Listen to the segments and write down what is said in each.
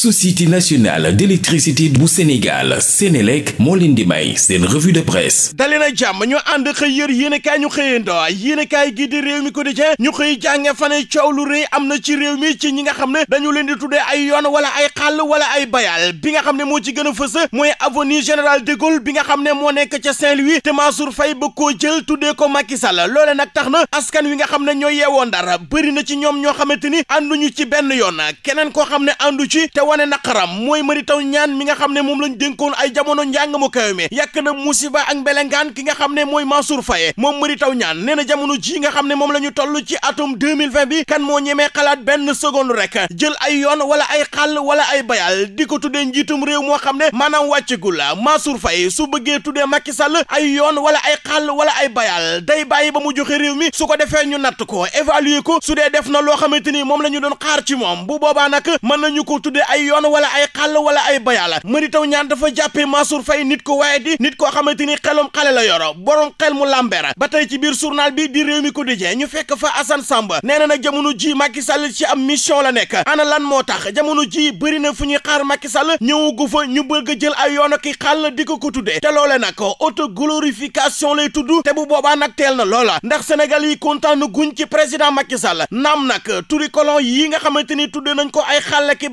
société nationale d'électricité bu Sénégal Sénélec moo leen di may seen revue de presse dali na jàmm ñu ànd xëy yër yéenekaay ñu xëyandoo yéenekaay gi di réew mi quotidien ñu xëy jànge fane coow lu rëy am na ci réew mi ci ñi nga xam ne dañu leen di tuddee ay yoon wala ay xàll wala ay bayal bi nga xam ne moo ci gën a fës mooy avenue Général de bi nga xam ne moo nekk ca Saint-Louis te Mansour Faye ba jël tuddee ko Macky Sall loole nag tax na askan wi nga xam ne ñoo yeewoo Ndar bëri na ci ñoom ñoo xamante ni ànduñu ci benn yoon keneen koo xam ne àndu ci wane na naqaram mooy Mary Teuw Niane mi nga xam ne moom lañ dénkoon ay jamono njàng mu kawe mi yàq na musiba ak mbelengaan ki nga xam ne mooy Mansour Faye moom Mary taw ñaan nee na jamono ji nga xam ne moom la ñu toll ci atum 2020 bi kan moo ñemee xalaat benn seconde rek jël ay yoon wala ay xàll wala ay bayal di ko tuddee njiitum réew moo xam ne maanaam wàccegul la Mansour Faye su bëggee tuddee Macky Sall ay yoon wala ay xàll wala ay bayal day bàyyi ba mu joxe réew mi su ko defee ñu natt ko évaluer ko su dee def na loo xamante ni moom la ñu doon xaar ci moom bu boobaa mën nañu tuddee ay ay yoon wala ay xàll wala ay bayaala mari taw ñaan dafa jàppee Mansour fay nit ko waaye di nit koo xamante ni xelum xale la yoro borom xel mu làmbera ba tey ci biir journal bi di réew mi ko dijee ñu fekk fa Assane Samba nee na nag jamono ji Macky Sall ci am mission la nekk ana lan moo tax jamono ji bëri na fu ñuy xaar Macky Sall ñëwagu fa ñu bëgg jël ay yoon ak i xàll di ko ko tuddee te loole nag auto glorification lay tudd te bu boobaa nag teel na loola ndax Sénégal yi kontaan ci président Macky Sall naam nag turi colon yi xamante ni tuddee nañ ko ay xàll ki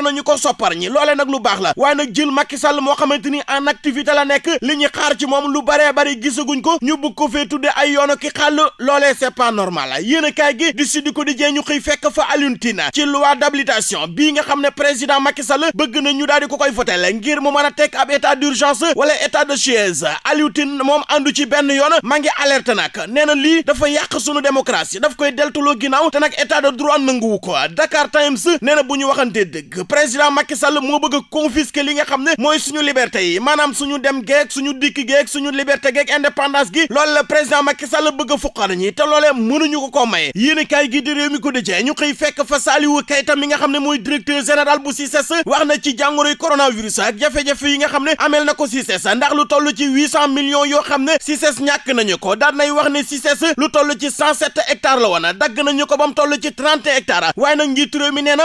jar nañu ko soppar ñi loolee nag lu baax la waaye nag jël Macky Sall moo xamante ni en activité la nekk li ñuy xaar ci moom lu baree bari gisaguñ ko ñu bëgg ko fee tudde ay yoon ki xàll loolee c'est pas normal yéen a kaay gi di Sud Quotidien ñu xëy fekk fa Alioune Tine ci loi d'habilitation bii nga xam ne président Macky Sall bëgg na ñu daal di ko koy voté ngir mu mën a teg ab état d'urgence wala état de siège Alioune Tine moom àndu ci benn yoon maa ngi alerte nag nee na lii dafa yàq sunu démocratie daf koy deltuloo ginnaaw te nag état de droit nanguwu ko Dakar Times na bu ñu waxantee dëgg président Macky Sall moo bëgg a confisquer li nga xam ne mooy suñu liberté yi maanaam suñu dem geeg suñu dikk geeg suñu liberté geeg indépendance gi loolu la président Macky Sall bëgg a fuqar ñi te loolee mënuñu ko ko maye yéen kaay gi di réew mi ko dëjee ñu xëy fekk fa Saliou Keita mi nga xam ne mooy directeur général bu CICES wax na ci jàngoroy coronavirus ak jafe-jafe yi nga xam ne ameel na ko CICES ndax lu toll ci huit cent millions yoo xam ne CICES ñàkk ko daan nay wax ne toll ci cent la woon dagg nañu ko ba mu toll ci trente hectares waaye nag njiitu réew mi na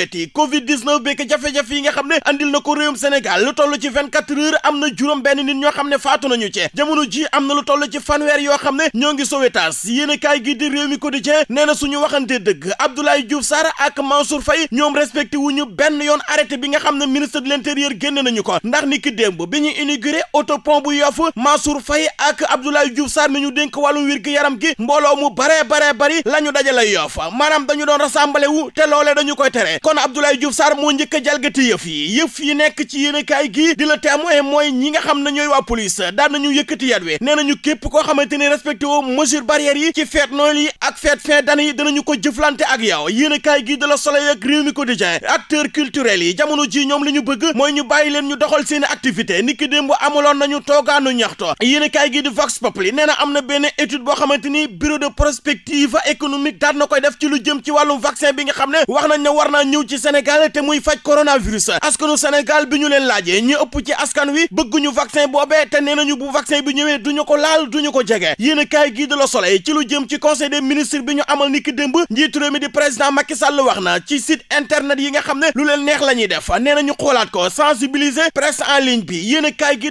diabète yi covid 19 beeg jafe-jafe yi nga xam ne andil na ko réewum Sénégal lu toll ci 24 heures am na juróom benn nit ñoo xam ne faatu nañu ci jamono ji am na lu toll ci fanweer yoo xam ne ñoo ngi Sowétas yéen a kaay gi di réew mi quotidien nee na suñu waxante dëgg Abdoulaye Diouf Sarr ak Mansour Faye ñoom respecté wu benn yoon arrêté bi nga xam ne ministre de l'intérieur génn nañu ko ndax ni ki démb bi ñu inauguré autopont bu Yoff Mansour Faye ak Abdoulaye Diouf Sarr mi ñu dénk wàllum wér yaram gi mbooloo mu baree baree bari la ñu dajale Yoff maanaam dañu doon rassemblé wu te loolee dañu koy tere kon Abdoulaye Diouf Sarr moo njëkk a jalgati yëf yi yëf yi nekk ci yéenekaay gi di la témoin mooy ñi nga xam ne ñooy waa police daan nañu yëkkati yat wi nee nañu képp koo xamante ni respecté woo mesure barrière yi ci feet Noël yi ak feet fin d'année yi danañu ko jëflante ak yow yéenekaay gi di la Soleil ak Rewmi Quotidien acteurs culturels yi jamono ji ñoom li ñu bëgg mooy ñu bàyyi leen ñu doxal seeni activité niki démb amuloon nañu toogaanu ñaxto yéenekaay gi di Vox Populi nee am na benn étude boo xamante ni bureau de prospective économique daan na koy def ci lu jëm ci wàllum vaccin bi nga xam ne wax nañ ne war naa ñëw ci Sénégal te muy faj coronavirus askanu Sénégal bi ñu leen laajee ñu ëpp ci askan wi bëgguñu vaccin boobee te nee nañu bu vaccin bi ñëwee duñu ko laal duñu ko jege yéen a kaay gii de la Soleil ci lu jëm ci conseil des bi ñu amal niki démb njiitu mi di président Macky Sall wax na ci site internet yi nga xam ne lu leen neex la ñuy def nee nañu xoolaat ko sensibiliser presse en ligne bi yéen a kaay gii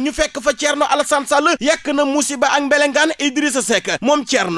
ñu fekk fa Thierno Alassane Sall yàq na musiba ak mbelengaan Idrissa Seck moom xam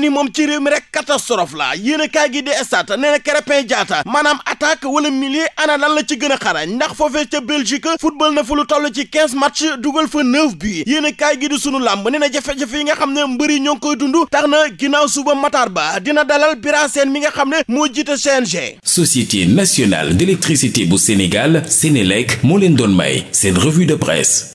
ne bu moom ci réew mi rek catastrophe la yéen a kaay gi di Stades nee na Krépin Diatta maanaam attaque wala milieu ana lan la ci gën a xarañ ndax foofee ca Belgique football na fa lu toll ci quinze match dugal fa bi buts yéen gi di sunu làmb nee na jafe-jafe yi nga xam ne mbër yi ñoo ngi koy dund tax na ginnaaw suba Matar Ba dina dalal Bira Sène mi nga xam ne moo jiite CNG. Société nationale d'électricité bu Sénégal Sénélec moo leen doon may seen revue de presse.